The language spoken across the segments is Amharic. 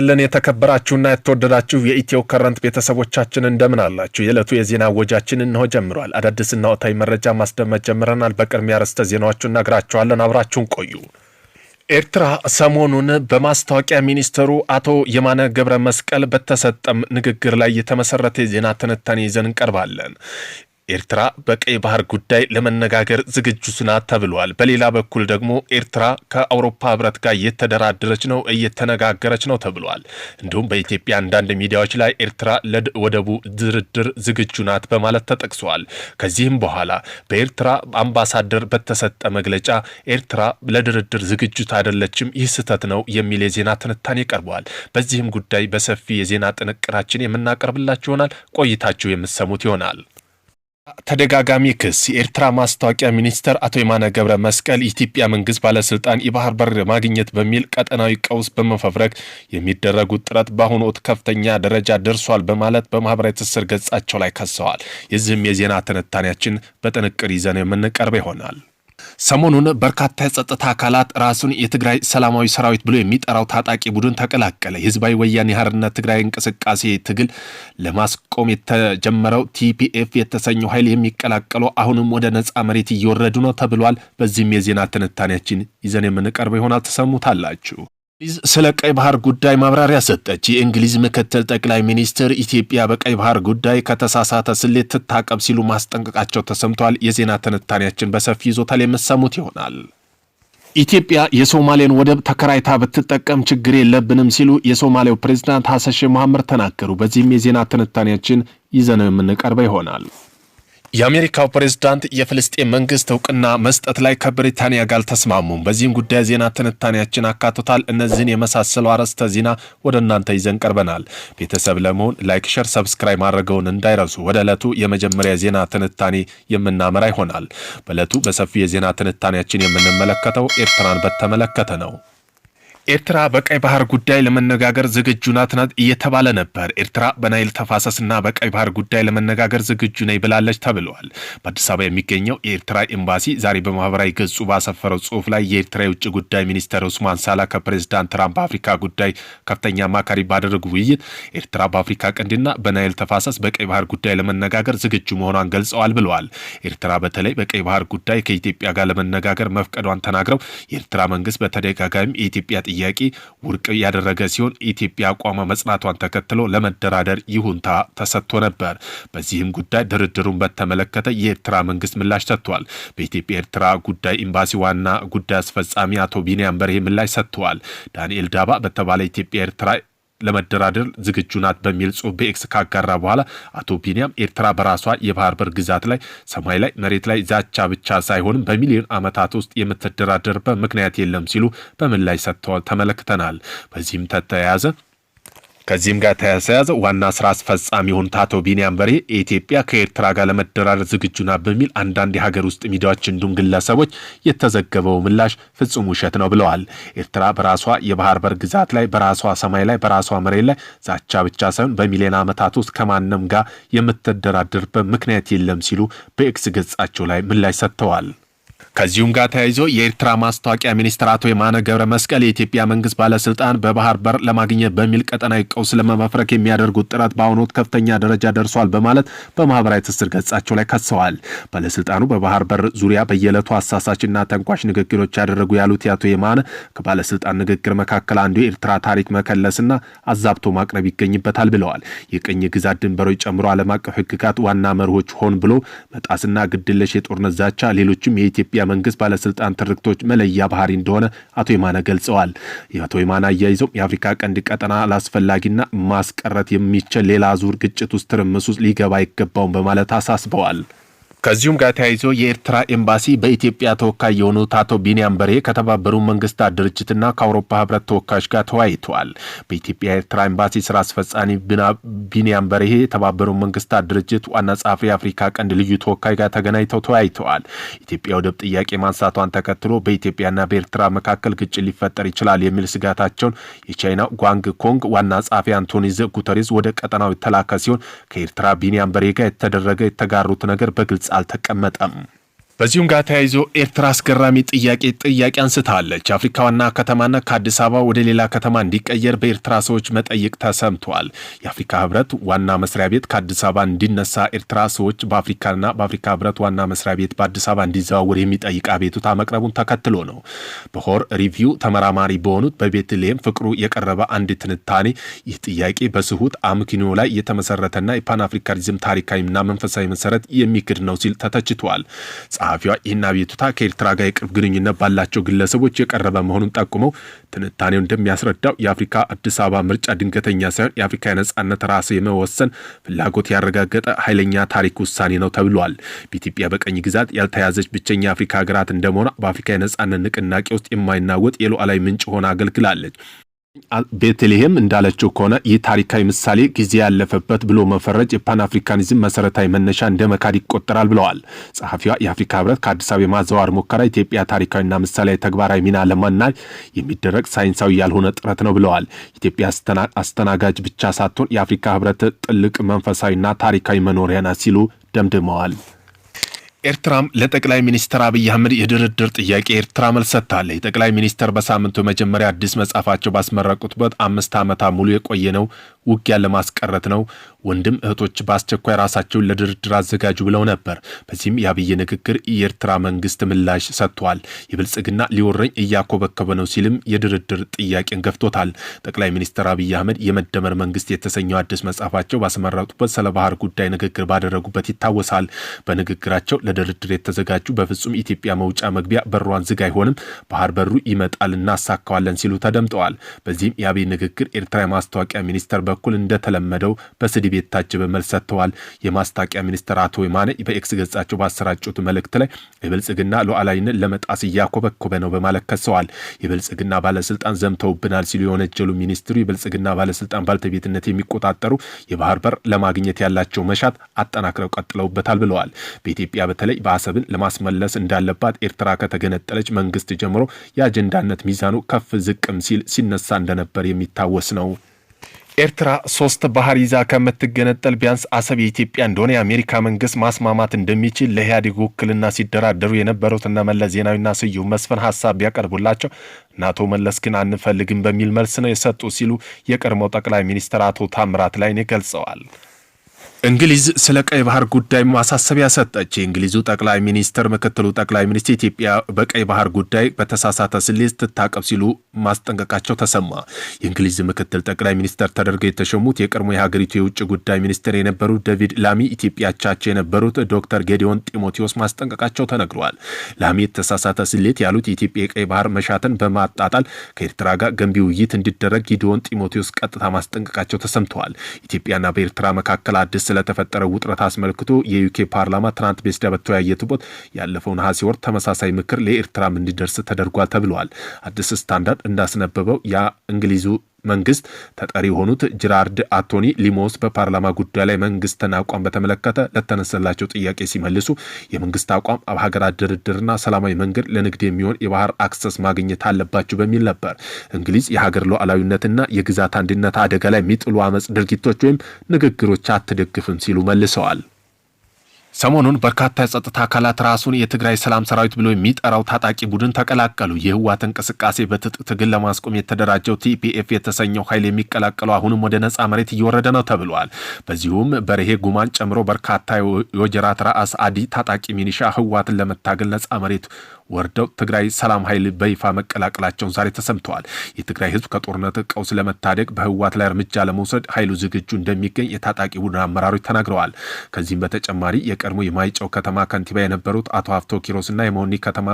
ይስጥልን የተከበራችሁና የተወደዳችሁ የኢትዮ ከረንት ቤተሰቦቻችን እንደምን አላችሁ? የዕለቱ የዜና ወጃችን እንሆ ጀምሯል። አዳዲስና ወቅታዊ መረጃ ማስደመጥ ጀምረናል። በቅድሚያ ርዕሰ ዜናዎቹን እነግራችኋለን። አብራችሁን ቆዩ። ኤርትራ ሰሞኑን በማስታወቂያ ሚኒስትሩ አቶ የማነ ገብረ መስቀል በተሰጠም ንግግር ላይ የተመሰረተ የዜና ትንታኔ ይዘን እንቀርባለን። ኤርትራ በቀይ ባህር ጉዳይ ለመነጋገር ዝግጁ ናት ተብሏል። በሌላ በኩል ደግሞ ኤርትራ ከአውሮፓ ህብረት ጋር እየተደራደረች ነው፣ እየተነጋገረች ነው ተብሏል። እንዲሁም በኢትዮጵያ አንዳንድ ሚዲያዎች ላይ ኤርትራ ለወደቡ ድርድር ዝግጁ ናት በማለት ተጠቅሰዋል። ከዚህም በኋላ በኤርትራ አምባሳደር በተሰጠ መግለጫ ኤርትራ ለድርድር ዝግጁት አይደለችም፣ ይህ ስህተት ነው የሚል የዜና ትንታኔ ቀርበዋል። በዚህም ጉዳይ በሰፊ የዜና ጥንቅራችን የምናቀርብላችሁ ይሆናል። ቆይታችሁ የምትሰሙት ይሆናል። ተደጋጋሚ ክስ የኤርትራ ማስታወቂያ ሚኒስተር አቶ የማነ ገብረ መስቀል የኢትዮጵያ መንግስት ባለስልጣን የባህር በር ማግኘት በሚል ቀጠናዊ ቀውስ በመፈብረክ የሚደረጉት ጥረት በአሁኑ ወቅት ከፍተኛ ደረጃ ደርሷል በማለት በማህበራዊ ትስስር ገጻቸው ላይ ከሰዋል። የዚህም የዜና ትንታኔያችን በጥንቅር ይዘን የምንቀርበ ይሆናል። ሰሞኑን በርካታ የጸጥታ አካላት ራሱን የትግራይ ሰላማዊ ሰራዊት ብሎ የሚጠራው ታጣቂ ቡድን ተቀላቀለ። የህዝባዊ ወያኔ ሓርነት ትግራይ እንቅስቃሴ ትግል ለማስቆም የተጀመረው ቲፒኤፍ የተሰኘው ኃይል የሚቀላቀለው አሁንም ወደ ነፃ መሬት እየወረዱ ነው ተብሏል። በዚህም የዜና ትንታኔያችን ይዘን የምንቀርበው ይሆናል። ተሰሙታላችሁ። እንግሊዝ ስለ ቀይ ባህር ጉዳይ ማብራሪያ ሰጠች። የእንግሊዝ ምክትል ጠቅላይ ሚኒስትር ኢትዮጵያ በቀይ ባህር ጉዳይ ከተሳሳተ ስሌት ትታቀብ ሲሉ ማስጠንቀቃቸው ተሰምቷል። የዜና ትንታኔያችን በሰፊ ይዞታል የምሰሙት ይሆናል። ኢትዮጵያ የሶማሌን ወደብ ተከራይታ ብትጠቀም ችግር የለብንም ሲሉ የሶማሌው ፕሬዝዳንት ሐሰን ሼህ መሐመድ ተናገሩ። በዚህም የዜና ትንታኔያችን ይዘነው የምንቀርበው ይሆናል። የአሜሪካው ፕሬዝዳንት የፍልስጤን መንግስት እውቅና መስጠት ላይ ከብሪታንያ ጋር ተስማሙም። በዚህም ጉዳይ ዜና ትንታኔያችን አካቶታል። እነዚህን የመሳሰሉ አርዕስተ ዜና ወደ እናንተ ይዘን ቀርበናል። ቤተሰብ ለመሆን ላይክ፣ ሸር፣ ሰብስክራይብ ማድረገውን እንዳይረሱ። ወደ ዕለቱ የመጀመሪያ ዜና ትንታኔ የምናመራ ይሆናል። በዕለቱ በሰፊ የዜና ትንታኔያችን የምንመለከተው ኤርትራን በተመለከተ ነው። ኤርትራ በቀይ ባህር ጉዳይ ለመነጋገር ዝግጁ ናት ናት እየተባለ ነበር። ኤርትራ በናይል ተፋሰስና በቀይ ባህር ጉዳይ ለመነጋገር ዝግጁ ነኝ ብላለች ተብለዋል። በአዲስ አበባ የሚገኘው የኤርትራ ኤምባሲ ዛሬ በማህበራዊ ገጹ ባሰፈረው ጽሁፍ ላይ የኤርትራ የውጭ ጉዳይ ሚኒስተር ኡስማን ሳላ ከፕሬዚዳንት ትራምፕ በአፍሪካ ጉዳይ ከፍተኛ አማካሪ ባደረጉ ውይይት ኤርትራ በአፍሪካ ቀንድና በናይል ተፋሰስ በቀይ ባህር ጉዳይ ለመነጋገር ዝግጁ መሆኗን ገልጸዋል ብለዋል። ኤርትራ በተለይ በቀይ ባህር ጉዳይ ከኢትዮጵያ ጋር ለመነጋገር መፍቀዷን ተናግረው የኤርትራ መንግስት በተደጋጋሚ የኢትዮጵያ ጥያቄ ውድቅ ያደረገ ሲሆን ኢትዮጵያ አቋመ መጽናቷን ተከትሎ ለመደራደር ይሁንታ ተሰጥቶ ነበር። በዚህም ጉዳይ ድርድሩን በተመለከተ የኤርትራ መንግስት ምላሽ ሰጥቷል። በኢትዮጵያ ኤርትራ ጉዳይ ኤምባሲ ዋና ጉዳይ አስፈጻሚ አቶ ቢንያም በርሄ ምላሽ ሰጥተዋል። ዳንኤል ዳባ በተባለ ኢትዮጵያ ኤርትራ ለመደራደር ዝግጁ ናት በሚል ጽሁፍ በኤክስ ካጋራ በኋላ አቶ ቢንያም ኤርትራ በራሷ የባህር በር ግዛት ላይ ሰማይ ላይ መሬት ላይ ዛቻ ብቻ ሳይሆንም በሚሊዮን ዓመታት ውስጥ የምትደራደርበት ምክንያት የለም ሲሉ በምላሽ ሰጥተዋል ተመለክተናል። በዚህም ተተያያዘ ከዚህም ጋር ተያያዘ ዋና ስራ አስፈጻሚ የሆኑት አቶ ቢኒያም በሬ ኢትዮጵያ ከኤርትራ ጋር ለመደራደር ዝግጁ ናት በሚል አንዳንድ የሀገር ውስጥ ሚዲያዎች እንዲሁም ግለሰቦች የተዘገበው ምላሽ ፍጹም ውሸት ነው ብለዋል። ኤርትራ በራሷ የባህር በር ግዛት ላይ በራሷ ሰማይ ላይ በራሷ መሬት ላይ ዛቻ ብቻ ሳይሆን በሚሊዮን ዓመታት ውስጥ ከማንም ጋር የምትደራደርበት ምክንያት የለም ሲሉ በኤክስ ገጻቸው ላይ ምላሽ ሰጥተዋል። ከዚሁም ጋር ተያይዞ የኤርትራ ማስታወቂያ ሚኒስትር አቶ የማነ ገብረ መስቀል የኢትዮጵያ መንግስት ባለስልጣን በባህር በር ለማግኘት በሚል ቀጠናዊ ቀውስ ለመመፍረክ የሚያደርጉት ጥረት በአሁኑ ወቅት ከፍተኛ ደረጃ ደርሷል በማለት በማህበራዊ ትስስር ገጻቸው ላይ ከሰዋል። ባለስልጣኑ በባህር በር ዙሪያ በየዕለቱ አሳሳችና ተንኳሽ ንግግሮች ያደረጉ ያሉት የአቶ የማነ ከባለስልጣን ንግግር መካከል አንዱ የኤርትራ ታሪክ መከለስና አዛብቶ ማቅረብ ይገኝበታል ብለዋል። የቅኝ ግዛት ድንበሮች ጨምሮ ዓለም አቀፍ ህግጋት ዋና መርሆች ሆን ብሎ መጣስና ግድለሽ የጦርነት ዛቻ፣ ሌሎችም የኢትዮ የኢትዮጵያ መንግስት ባለስልጣን ትርክቶች መለያ ባህሪ እንደሆነ አቶ የማነ ገልጸዋል። የአቶ የማነ አያይዘው የአፍሪካ ቀንድ ቀጠና ላስፈላጊና ማስቀረት የሚችል ሌላ ዙር ግጭት ውስጥ ትርምስ ውስጥ ሊገባ አይገባውም በማለት አሳስበዋል። ከዚሁም ጋር ተያይዞ የኤርትራ ኤምባሲ በኢትዮጵያ ተወካይ የሆኑት አቶ ቢንያም በሬ ከተባበሩ መንግስታት ድርጅትና ከአውሮፓ ህብረት ተወካዮች ጋር ተወያይተዋል። በኢትዮጵያ ኤርትራ ኤምባሲ ስራ አስፈጻሚ ቢንያም በሬ የተባበሩ መንግስታት ድርጅት ዋና ጸሐፊ የአፍሪካ ቀንድ ልዩ ተወካይ ጋር ተገናኝተው ተወያይተዋል። ኢትዮጵያ ወደብ ጥያቄ ማንሳቷን ተከትሎ በኢትዮጵያና በኤርትራ መካከል ግጭት ሊፈጠር ይችላል የሚል ስጋታቸውን የቻይና ጓንግ ኮንግ ዋና ጸሐፊ አንቶኒ ጉተሬዝ ወደ ቀጠናው የተላከ ሲሆን ከኤርትራ ቢንያም በሬ ጋር የተደረገ የተጋሩት ነገር በግልጽ በግልጽ አልተቀመጠም። በዚሁም ጋር ተያይዞ ኤርትራ አስገራሚ ጥያቄ ጥያቄ አንስታለች። አፍሪካ ዋና ከተማና ከአዲስ አበባ ወደ ሌላ ከተማ እንዲቀየር በኤርትራ ሰዎች መጠየቅ ተሰምቷል። የአፍሪካ ህብረት ዋና መስሪያ ቤት ከአዲስ አበባ እንዲነሳ ኤርትራ ሰዎች በአፍሪካና በአፍሪካ ህብረት ዋና መስሪያ ቤት በአዲስ አበባ እንዲዘዋወር የሚጠይቅ አቤቱታ መቅረቡን ተከትሎ ነው። በሆር ሪቪው ተመራማሪ በሆኑት በቤትልሔም ፍቅሩ የቀረበ አንድ ትንታኔ ይህ ጥያቄ በስሁት አምኪኖ ላይ የተመሰረተና የፓን አፍሪካኒዝም ታሪካዊና መንፈሳዊ መሰረት የሚክድ ነው ሲል ተተችቷል። ጸሐፊዋ ይህን አቤቱታ ከኤርትራ ጋር የቅርብ ግንኙነት ባላቸው ግለሰቦች የቀረበ መሆኑን ጠቁመው ትንታኔው እንደሚያስረዳው የአፍሪካ አዲስ አበባ ምርጫ ድንገተኛ ሳይሆን የአፍሪካ የነጻነት ራስ የመወሰን ፍላጎት ያረጋገጠ ኃይለኛ ታሪክ ውሳኔ ነው ተብሏል። በኢትዮጵያ በቀኝ ግዛት ያልተያዘች ብቸኛ የአፍሪካ ሀገራት እንደመሆኗ በአፍሪካ የነጻነት ንቅናቄ ውስጥ የማይናወጥ የሉዓላዊ ምንጭ ሆና አገልግላለች። ቤተልሔም እንዳለችው ከሆነ ይህ ታሪካዊ ምሳሌ ጊዜ ያለፈበት ብሎ መፈረጅ የፓን አፍሪካኒዝም መሰረታዊ መነሻ እንደ መካድ ይቆጠራል ብለዋል ጸሐፊዋ። የአፍሪካ ህብረት ከአዲስ አበባ የማዘዋወር ሙከራ ኢትዮጵያ ታሪካዊና ምሳሌያዊ ተግባራዊ ሚና ለመና የሚደረግ ሳይንሳዊ ያልሆነ ጥረት ነው ብለዋል። ኢትዮጵያ አስተናጋጅ ብቻ ሳትሆን የአፍሪካ ህብረት ጥልቅ መንፈሳዊና ታሪካዊ መኖሪያ ናት ሲሉ ደምድመዋል። ኤርትራም ለጠቅላይ ሚኒስትር አብይ አህመድ የድርድር ጥያቄ ኤርትራ መልስ ሰጥታለች። ጠቅላይ ሚኒስትር በሳምንቱ መጀመሪያ አዲስ መጽሐፋቸው ባስመረቁበት አምስት ዓመታት ሙሉ የቆየ ነው ውጊያ ለማስቀረት ነው። ወንድም እህቶች በአስቸኳይ ራሳቸውን ለድርድር አዘጋጁ ብለው ነበር። በዚህም የአብይ ንግግር የኤርትራ መንግስት ምላሽ ሰጥቷል። የብልጽግና ሊወረኝ እያኮበከበ ነው ሲልም የድርድር ጥያቄን ገፍቶታል። ጠቅላይ ሚኒስትር አብይ አህመድ የመደመር መንግስት የተሰኘው አዲስ መጽሐፋቸው ባስመረጡበት ስለ ባህር ጉዳይ ንግግር ባደረጉበት ይታወሳል። በንግግራቸው ለድርድር የተዘጋጁ በፍጹም ኢትዮጵያ መውጫ መግቢያ በሯን ዝግ አይሆንም፣ ባህር በሩ ይመጣል፣ እናሳካዋለን ሲሉ ተደምጠዋል። በዚህም የአብይ ንግግር ኤርትራ የማስታወቂያ ሚኒስተር በኩል እንደተለመደው በስድብ የታጀበ መልስ ሰጥተዋል። የማስታወቂያ ሚኒስትር አቶ የማነ በኤክስ ገጻቸው ባሰራጩት መልእክት ላይ የብልጽግና ሉዓላዊነት ለመጣስ እያኮበኮበ ነው በማለት ከሰዋል። የብልጽግና ባለስልጣን ዘምተውብናል ሲሉ የወነጀሉ ሚኒስትሩ የብልጽግና ባለስልጣን ባልተቤትነት የሚቆጣጠሩ የባህር በር ለማግኘት ያላቸው መሻት አጠናክረው ቀጥለውበታል ብለዋል። በኢትዮጵያ በተለይ በአሰብን ለማስመለስ እንዳለባት ኤርትራ ከተገነጠለች መንግስት ጀምሮ የአጀንዳነት ሚዛኑ ከፍ ዝቅም ሲል ሲነሳ እንደነበር የሚታወስ ነው። ኤርትራ ሶስት ባህር ይዛ ከምትገነጠል ቢያንስ አሰብ የኢትዮጵያ እንደሆነ የአሜሪካ መንግስት ማስማማት እንደሚችል ለኢህአዴግ ውክልና ሲደራደሩ የነበሩትና መለስ ዜናዊና ስዩም መስፍን ሀሳብ ቢያቀርቡላቸው አቶ መለስ ግን አንፈልግም በሚል መልስ ነው የሰጡ ሲሉ የቀድሞው ጠቅላይ ሚኒስትር አቶ ታምራት ላይኔ ገልጸዋል። እንግሊዝ ስለ ቀይ ባህር ጉዳይ ማሳሰቢያ ሰጠች። የእንግሊዙ ጠቅላይ ሚኒስትር ምክትሉ ጠቅላይ ሚኒስትር ኢትዮጵያ በቀይ ባህር ጉዳይ በተሳሳተ ስሌት ትታቀብ ሲሉ ማስጠንቀቃቸው ተሰማ። የእንግሊዝ ምክትል ጠቅላይ ሚኒስትር ተደርገው የተሾሙት የቀድሞ የሀገሪቱ የውጭ ጉዳይ ሚኒስትር የነበሩት ዴቪድ ላሚ ኢትዮጵያ የነበሩት ዶክተር ጌዲዮን ጢሞቴዎስ ማስጠንቀቃቸው ተነግረዋል። ላሚ የተሳሳተ ስሌት ያሉት የኢትዮጵያ የቀይ ባህር መሻትን በማጣጣል ከኤርትራ ጋር ገንቢ ውይይት እንዲደረግ ጌዲዮን ጢሞቴዎስ ቀጥታ ማስጠንቀቃቸው ተሰምተዋል። ኢትዮጵያና በኤርትራ መካከል አዲስ ስለተፈጠረው ውጥረት አስመልክቶ የዩኬ ፓርላማ ትናንት ቤስዳ በተወያየበት ያለፈው ነሐሴ ወር ተመሳሳይ ምክር ለኤርትራም እንዲደርስ ተደርጓል ተብለዋል። አዲስ ስታንዳርድ እንዳስነበበው እንግሊዙ መንግስት ተጠሪ የሆኑት ጅራርድ አቶኒ ሊሞስ በፓርላማ ጉዳይ ላይ መንግስትን አቋም በተመለከተ ለተነሰላቸው ጥያቄ ሲመልሱ የመንግስት አቋም ሀገራት ድርድርና ሰላማዊ መንገድ ለንግድ የሚሆን የባህር አክሰስ ማግኘት አለባቸው በሚል ነበር። እንግሊዝ የሀገር ሉዓላዊነትና የግዛት አንድነት አደጋ ላይ የሚጥሉ አመፅ ድርጊቶች ወይም ንግግሮች አትደግፍም ሲሉ መልሰዋል። ሰሞኑን በርካታ የጸጥታ አካላት ራሱን የትግራይ ሰላም ሰራዊት ብሎ የሚጠራው ታጣቂ ቡድን ተቀላቀሉ። የህዋት እንቅስቃሴ በትጥቅ ትግል ለማስቆም የተደራጀው ቲፒኤፍ የተሰኘው ኃይል የሚቀላቀለው አሁንም ወደ ነጻ መሬት እየወረደ ነው ተብሏል። በዚሁም በርሄ ጉማን ጨምሮ በርካታ የወጀራት ራስ አዲ ታጣቂ ሚኒሻ ህዋትን ለመታገል ነጻ መሬት ወርደው ትግራይ ሰላም ኃይል በይፋ መቀላቀላቸውን ዛሬ ተሰምተዋል። የትግራይ ህዝብ ከጦርነት ቀውስ ለመታደግ በህወሓት ላይ እርምጃ ለመውሰድ ኃይሉ ዝግጁ እንደሚገኝ የታጣቂ ቡድን አመራሮች ተናግረዋል። ከዚህም በተጨማሪ የቀድሞ የማይጨው ከተማ ከንቲባ የነበሩት አቶ ሀፍቶ ኪሮስና የመሆኒ ከተማ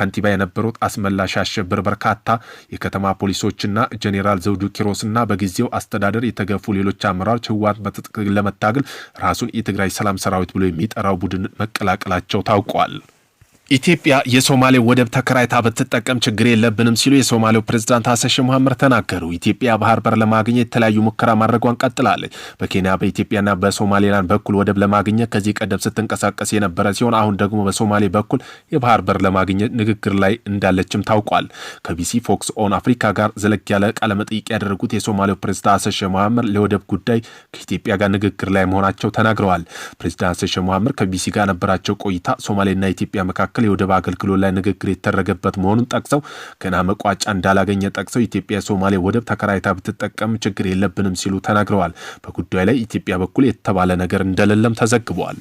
ከንቲባ የነበሩት አስመላሽ አሸብር በርካታ የከተማ ፖሊሶችና ጄኔራል ዘውዱ ኪሮስና በጊዜው አስተዳደር የተገፉ ሌሎች አመራሮች ህወሓት በትጥቅ ለመታገል ራሱን የትግራይ ሰላም ሰራዊት ብሎ የሚጠራው ቡድን መቀላቀላቸው ታውቋል። ኢትዮጵያ የሶማሌ ወደብ ተከራይታ ብትጠቀም ችግር የለብንም ሲሉ የሶማሌው ፕሬዝዳንት አሰሽ መሐመር ተናገሩ። ኢትዮጵያ ባህር በር ለማግኘት የተለያዩ ሙከራ ማድረጓን ቀጥላለች። በኬንያ በኢትዮጵያና በሶማሌላንድ በኩል ወደብ ለማግኘት ከዚህ ቀደም ስትንቀሳቀስ የነበረ ሲሆን አሁን ደግሞ በሶማሌ በኩል የባህር በር ለማግኘት ንግግር ላይ እንዳለችም ታውቋል። ከቢሲ ፎክስ ኦን አፍሪካ ጋር ዘለግ ያለ ቃለመጠይቅ ያደረጉት የሶማሌው ፕሬዚዳንት አሰሽ መሐመር ለወደብ ጉዳይ ከኢትዮጵያ ጋር ንግግር ላይ መሆናቸው ተናግረዋል። ፕሬዚዳንት አሰሽ መሐመር ከቢሲ ጋር ነበራቸው ቆይታ ሶማሌና ኢትዮጵያ መካከል መካከል የወደብ አገልግሎት ላይ ንግግር የተደረገበት መሆኑን ጠቅሰው ገና መቋጫ እንዳላገኘ ጠቅሰው ኢትዮጵያ የሶማሌ ወደብ ተከራይታ ብትጠቀም ችግር የለብንም ሲሉ ተናግረዋል። በጉዳዩ ላይ ኢትዮጵያ በኩል የተባለ ነገር እንደሌለም ተዘግቧል።